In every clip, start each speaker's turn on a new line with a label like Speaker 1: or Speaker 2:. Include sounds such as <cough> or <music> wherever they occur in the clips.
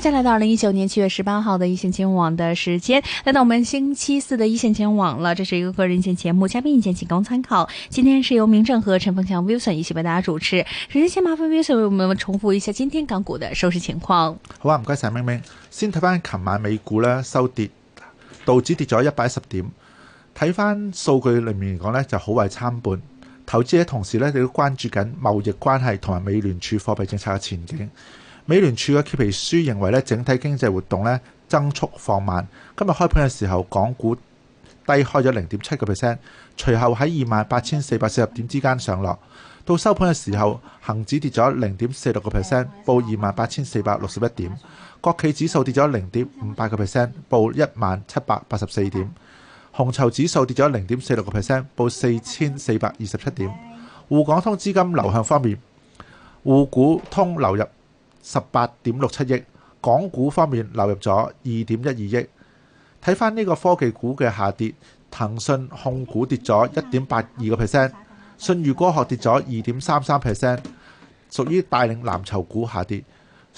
Speaker 1: 再來到二零一九年七月十八號的一線金融網的時間，來到我們星期四的一線金融網了。這是一個個人意見節目，嘉賓意見僅供參考。今天是由明正和陳鳳強 Wilson 一起為大家主持。首先，先麻煩 Wilson 為我們重複一下今天港股的收市情況。
Speaker 2: 好啊，唔該晒，明明。先睇翻琴晚美股呢收跌，道指跌咗一百一十點。睇翻數據裏面嚟講呢就好壞參半。投資者同時呢，亦都關注緊貿易關係同埋美聯儲貨幣政策嘅前景。美聯儲嘅褐皮書認為咧，整體經濟活動咧增速放慢。今日開盤嘅時候，港股低開咗零點七個 percent，隨後喺二萬八千四百四十點之間上落。到收盤嘅時候，恒指跌咗零點四六個 percent，報二萬八千四百六十一點。國企指數跌咗零點五八個 percent，報一萬七百八十四點。紅籌指數跌咗零點四六個 percent，報四千四百二十七點。滬港通資金流向方面，滬股通流入十八點六七億，港股方面流入咗二點一二億。睇翻呢個科技股嘅下跌，騰訊控股跌咗一點八二個 percent，信譽科學跌咗二點三三 percent，屬於帶領藍籌股下跌。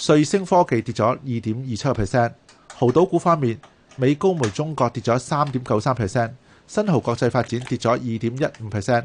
Speaker 2: 瑞星科技跌咗二點二七個 percent。濠賭股方面，美高梅中國跌咗三點九三 percent，新濠國際發展跌咗二點一五 percent。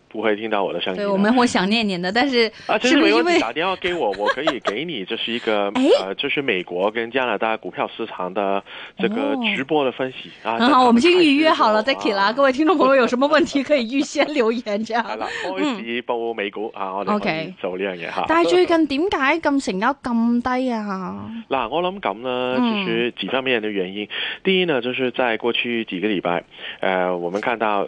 Speaker 3: 不會聽到我的聲音。對，我們
Speaker 1: 會想念您的，但是，是，是啊，其實沒問題。打
Speaker 3: 電話給我， <laughs> 我可以給你，這是一個、 <laughs> 哎、呃，就是美國跟加拿大股票市場的這個直播的分析、哦、啊。很好、嗯就，我們
Speaker 1: 先預約好了，再、啊、睇啦。各位聽眾朋友，有什麼問題可以預先留言，這樣。 <laughs> 嗯啊、好了，
Speaker 3: 我一報美股啊、okay. 啊，嗯、啊，我哋做呢樣嘢哈。但係最近
Speaker 1: 點解咁成交咁低啊？
Speaker 3: 嗱，我諗咁呢，其實幾方面的原因、嗯。第一呢，就是在過去幾個禮拜，呃，我們看到。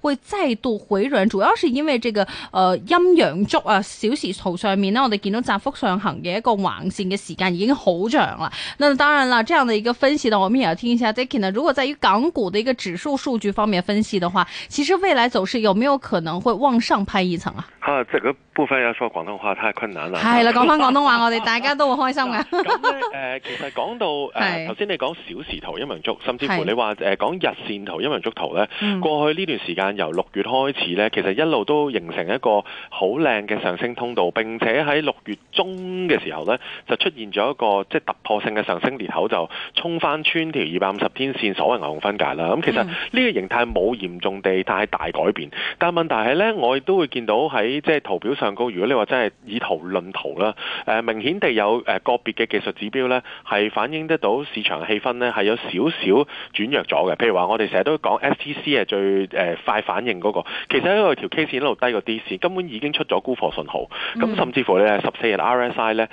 Speaker 1: 會再度回軟主要是因為這個誒、呃、陰陽燭啊，小時圖上面咧，我哋見到窄幅上行嘅一個橫線嘅時間已經好長啦。那當然啦，這樣的一個分析呢，我們也要聽一下 Dicky 呢。如果在於港股的一個指數數據方面分析的話，其實未來走勢有沒有可能會往上拍一層啊？
Speaker 3: 啊，這個部分要說廣東話太困難啦。係啦，講
Speaker 1: 翻廣東話，啊、我哋大家都會開心嘅。咁、啊、誒、啊啊呃，
Speaker 3: 其實講到誒，頭、呃、先你講小時圖陰陽燭甚至乎你話誒、呃、講日線圖陰陽燭圖咧、嗯，過去呢段時。時間由六月開始咧，其實一路都形成一個好靚嘅上升通道，並且喺六月中嘅時候咧，就出現咗一個即係、就是、突破性嘅上升裂口，就衝翻穿條二百五十天線，所謂牛熊分界啦。咁、嗯、其實呢個形態冇嚴重地太大改變，但係問題係咧，我亦都會見到喺，即係圖表上高，如果你話真係以圖論圖啦，誒、呃，明顯地有誒個別嘅技術指標咧，係反映得到市場氣氛咧，係有少少轉弱咗嘅。譬如話我哋成日都講 STC 係最誒。呃快反應嗰個，其實喺度條 K 線一路低過 D 線，根本已經出咗沽貨信號。咁甚至乎咧，十四日 RSI 咧，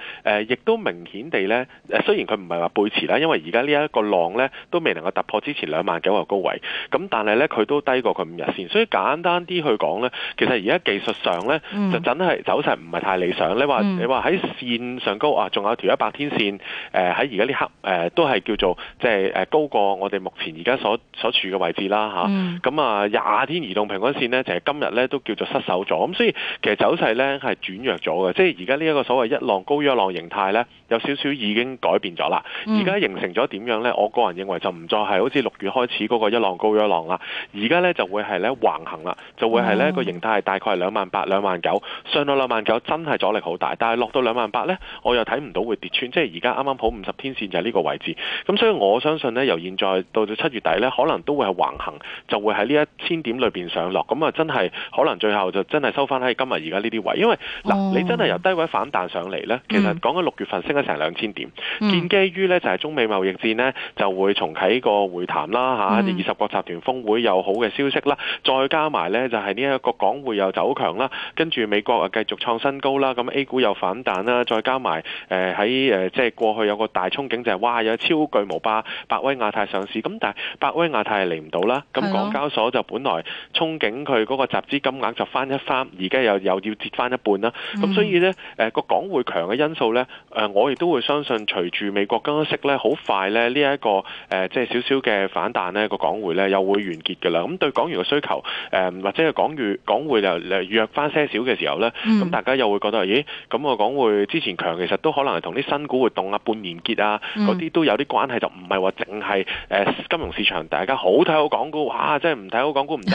Speaker 3: 亦、呃、都明顯地咧，雖雖然佢唔係話背馳啦，因為而家呢一個浪咧都未能夠突破之前兩萬九個高位。咁但係咧，佢都低過佢五日線。所以簡單啲去講咧，其實而家技術上咧、嗯，就真係走勢唔係太理想。你話你話喺線上高啊，仲有一條一百天線，喺而家呢刻、呃、都係叫做即係高過我哋目前而家所所處嘅位置啦，咁啊，廿。嗯嗯嗯夏天移動平均線呢，就係今日呢都叫做失守咗，咁、嗯、所以其實走勢呢係轉弱咗嘅，即係而家呢一個所謂一浪高一浪形態呢有少少已經改變咗啦。而家形成咗點樣呢？我個人認為就唔再係好似六月開始嗰個一浪高一浪啦，而家呢就會係呢橫行啦，就會係呢個形態大概係兩萬八、兩萬九，上到兩萬九真係阻力好大，但係落到兩萬八呢，我又睇唔到會跌穿，即係而家啱啱好五十天線就係呢個位置，咁所以我相信呢，由現在到到七月底呢，可能都會係橫行，就會喺呢一千點裏邊上落咁啊？真係可能最後就真係收翻喺今日而家呢啲位，因為嗱，你真係由低位反彈上嚟咧，其實講緊六月份升咗成兩千點，建基於咧就係中美貿易戰咧就會重啟個會談啦嚇，二十國集團峯會有好嘅消息啦，再加埋咧就係呢一個港匯又走強啦，跟住美國啊繼續創新高啦，咁 A 股又反彈啦，再加埋誒喺誒即係過去有個大憧憬就係哇有超巨無霸百威亞太上市，咁但係百威亞太係嚟唔到啦，咁港交所就本來憧憬佢嗰個集資金額就翻一翻，而家又又要折翻一半啦。咁所以呢誒個、呃、港匯強嘅因素呢，誒、呃、我亦都會相信，隨住美國加息呢，好快呢，這個呃就是、小小呢一個誒即係少少嘅反彈呢個港匯呢，又會完結㗎啦。咁、嗯、對港元嘅需求，誒、呃、或者係港元港匯又弱翻些少嘅時候呢，咁、嗯嗯嗯、大家又會覺得咦？咁、嗯、個港匯之前強，其實都可能係同啲新股活動啊、半年結啊嗰啲、嗯、都有啲關係，就唔係話淨係誒金融市場大家好睇好港股，哇！即係唔睇好港股唔～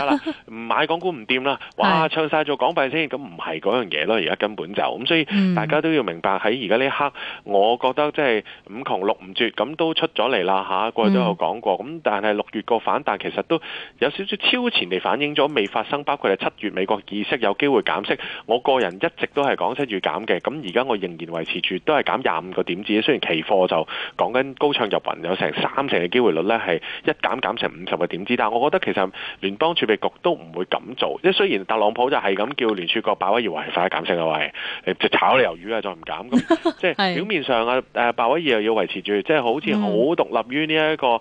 Speaker 3: 唔 <laughs> 買港股唔掂啦，哇，唱晒做港幣先，咁唔係嗰樣嘢咯。而家根本就咁，所以大家都要明白喺而家呢一刻，我覺得即係五窮六唔絕咁都出咗嚟啦下，過去都有講過咁， <laughs> 但係六月個反彈其實都有少少超前地反映咗，未發生。包括係七月美國議息有機會減息，我個人一直都係講七月減嘅。咁而家我仍然維持住都係減廿五個點子，雖然期貨就講緊高唱入雲，有成三成嘅機會率呢係一減減成五十個點子，但係我覺得其實聯邦儲備局都唔會咁做，即係雖然特朗普就係咁叫聯儲局鮑威爾話係快減息啦，喂，即炒你魷魚啊，再唔減， <laughs> 即係表面上啊，誒，鮑威爾又要維持住，即係好似好獨立於呢一個誒，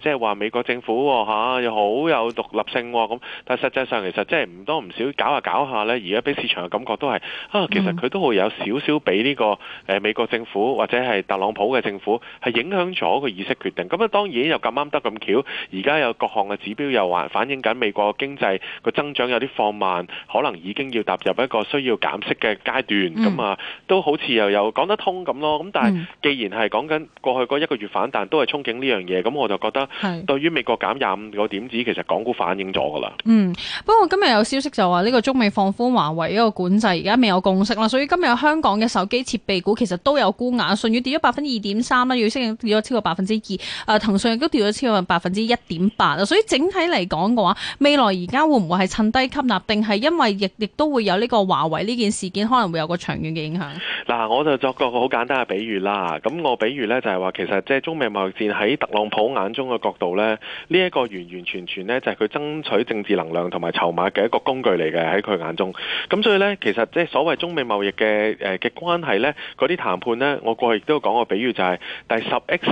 Speaker 3: 即係話美國政府吓、啊、又好有獨立性咁、啊，但係實際上其實即係唔多唔少搞下、啊、搞下、啊、呢，而家俾市場嘅感覺都係啊，其實佢都會有少少俾呢個誒美國政府或者係特朗普嘅政府係影響咗個議息決定，咁啊，當然又咁啱得咁巧，而家有各項嘅指標又還反映緊美國個經濟個增長有啲放慢，可能已經要踏入一個需要減息嘅階段。咁、嗯、啊，都好似又有講得通咁咯。咁但係既然係講緊過去嗰一個月反彈都係憧憬呢樣嘢，咁我就覺得對於美國減廿五個點子，其實港股反映咗噶啦。嗯，
Speaker 1: 不過今日有消息就話呢、這個中美放寬華為一個管制，而家未有共識啦。所以今日香港嘅手機設備股其實都有沽壓，舜宇跌咗百分二點三啦，要升跌咗超過百分之二。誒，騰訊亦都跌咗超過百分之一點八啦。所以整體嚟講嘅話，未來而家會唔會係趁低吸納，定係因為亦亦都會有呢個華為呢件事件可能會有個長遠嘅影響？
Speaker 3: 嗱，我就作個好簡單嘅比喻啦。咁我比喻呢，就係話，其實即係中美貿易戰喺特朗普眼中嘅角度呢，呢一個完完全全呢，就係佢爭取政治能量同埋籌碼嘅一個工具嚟嘅，喺佢眼中。咁所以呢，其實即係所謂中美貿易嘅誒嘅關係呢，嗰啲談判呢，我過去亦都講過比喻就係第十 X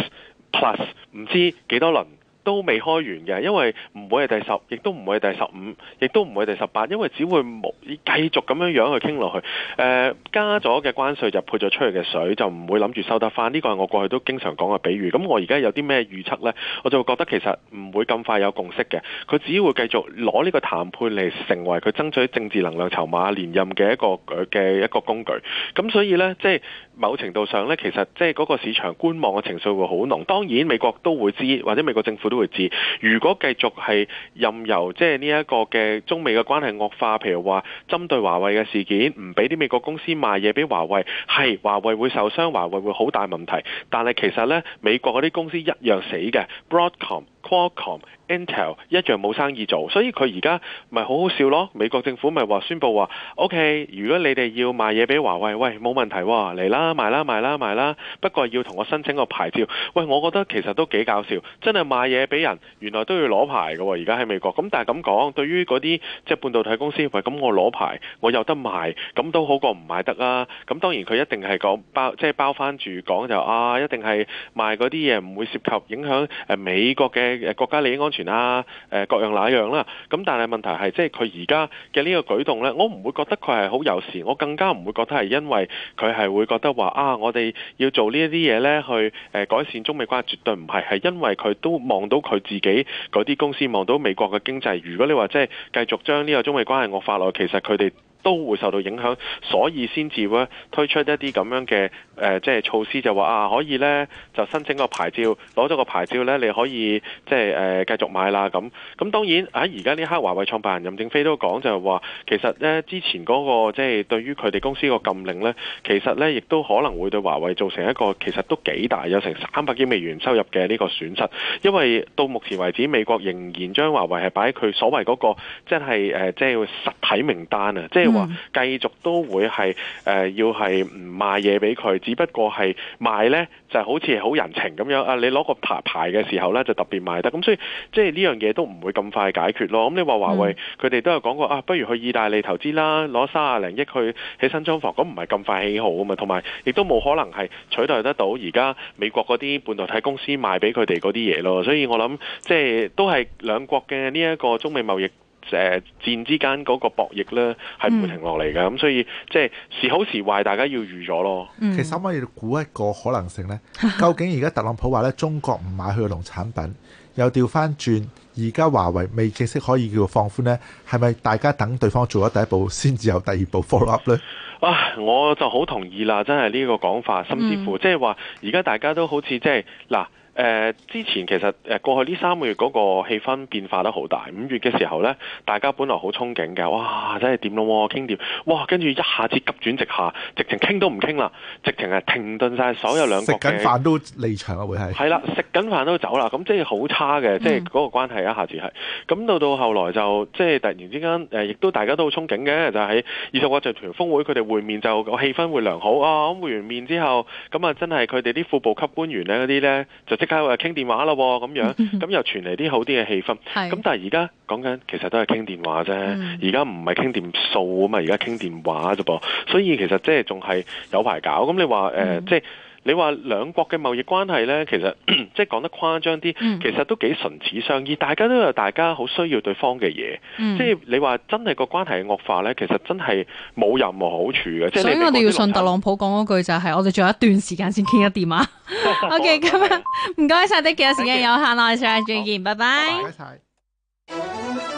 Speaker 3: plus 唔知幾多輪。都未開完嘅，因為唔會係第十，亦都唔會係第十五，亦都唔會係第十八，因為只會冇繼續咁樣樣去傾落去。誒、呃，加咗嘅關稅就配咗出去嘅水，就唔會諗住收得返。呢個係我過去都經常講嘅比喻。咁我而家有啲咩預測呢？我就覺得其實唔會咁快有共識嘅，佢只會繼續攞呢個談判嚟成為佢爭取政治能量籌碼連任嘅一個嘅一個工具。咁所以呢，即係某程度上呢，其實即係嗰個市場觀望嘅情緒會好濃。當然美國都會知，或者美國政府。都會知。如果繼續係任由即係呢一個嘅中美嘅關係惡化，譬如話針對華為嘅事件，唔俾啲美國公司賣嘢俾華為，係華為會受傷，華為會好大問題。但係其實呢，美國嗰啲公司一樣死嘅，Broadcom、Qualcomm。Intel 一樣冇生意做，所以佢而家咪好好笑咯。美國政府咪話宣佈話：O.K. 如果你哋要賣嘢俾華為，喂，冇問題喎、哦，嚟啦，賣啦，賣啦，賣啦。不過要同我申請個牌照。喂，我覺得其實都幾搞笑，真係賣嘢俾人，原來都要攞牌嘅、哦。而家喺美國咁，但係咁講，對於嗰啲即係半導體公司，喂，咁我攞牌，我有得賣，咁都好過唔賣得啊。咁當然佢一定係講包，即係包翻住講就啊，一定係賣嗰啲嘢唔會涉及影響誒美國嘅誒國家利益安全。啊，誒各樣那樣啦，咁但係問題係，係即係佢而家嘅呢個舉動咧，我唔會覺得佢係好友善，我更加唔會覺得係因為佢係會覺得話啊，我哋要做呢一啲嘢咧，去誒改善中美關係，絕對唔係，係因為佢都望到佢自己嗰啲公司望到美國嘅經濟。如果你話，即係繼續將呢個中美關係惡化落去，其實佢哋都會受到影響，所以先至會推出一啲咁樣嘅誒，即係措施就話啊，可以呢，就申請個牌照，攞咗個牌照呢，你可以即係誒繼續買啦咁。咁當然喺而家呢刻，華為創辦人任正非都講就係話，其實呢之前嗰、那個即係、就是、對於佢哋公司個禁令呢，其實呢亦都可能會對華為造成一個其實都幾大，有成三百億美元收入嘅呢個損失，因為到目前為止，美國仍然將華為係擺喺佢所謂嗰、那個即係即係實體名單啊，即、就是繼、嗯、續都會係誒、呃，要係唔賣嘢俾佢，只不過係賣呢，就好似好人情咁樣啊！你攞個牌牌嘅時候呢，就特別賣得，咁、嗯、所以即係呢樣嘢都唔會咁快解決咯。咁、嗯、你話華為佢哋都有講過啊，不如去意大利投資啦，攞三啊零億去起新廠房，咁唔係咁快起好啊嘛，同埋亦都冇可能係取代得到而家美國嗰啲半導體公司賣俾佢哋嗰啲嘢咯。所以我諗即係都係兩國嘅呢一個中美貿易。誒戰之間嗰個博弈咧，係唔會停落嚟㗎，咁所以即係時好時壞，大家要預咗咯。
Speaker 2: 其實可唔可以估一個可能性呢？究竟而家特朗普話咧中國唔買佢嘅農產品，又調翻轉，而家華為未正式可以叫做放寬呢？係咪大家等對方做咗第一步先至有第二步 follow up 呢？
Speaker 3: 啊，我就好同意啦，真係呢個講法，甚至乎即係話而家大家都好似即係嗱。誒、呃、之前其實誒、呃、過去呢三個月嗰個氣氛變化得好大。五月嘅時候呢，大家本來好憧憬嘅，哇！真係點咯，傾掂，哇！跟住一下子急轉直下，直情傾都唔傾啦，直情係停頓晒所有兩國食緊飯
Speaker 2: 都離場啦，會係
Speaker 3: 係啦，食緊飯都走啦。咁即係好差嘅、嗯，即係嗰個關係一下子係。咁到到後來就即係突然之間亦都、呃、大家都好憧憬嘅，就喺、是、二十國集團峰會佢哋會面就個氣氛會良好啊。咁會完面之後，咁啊真係佢哋啲副部級官員呢嗰啲呢，就即刻。傾電話咯，咁樣咁又傳嚟啲好啲嘅氣氛。咁 <laughs> 但係而家講緊其實都係傾電話啫。嗯、而家唔係傾掂數啊嘛，而家傾電話啫噃。所以其實即係仲係有排搞。咁你話誒，即、嗯、係、呃。就是你話兩國嘅貿易關係呢，其實咳咳即係講得誇張啲，其實都幾唇齒相依，大家都有大家好需要對方嘅嘢，嗯。即係你話真係個關係惡化呢，其實真係冇任何好處嘅，嗯。所以我哋要信特
Speaker 1: 朗普講嗰句就係，我哋仲有一段時間先傾得掂啊。
Speaker 2: <laughs> <laughs> OK，咁樣
Speaker 1: 唔該晒，得幾多時間有限，我係蔡再見拜拜。拜
Speaker 2: 拜。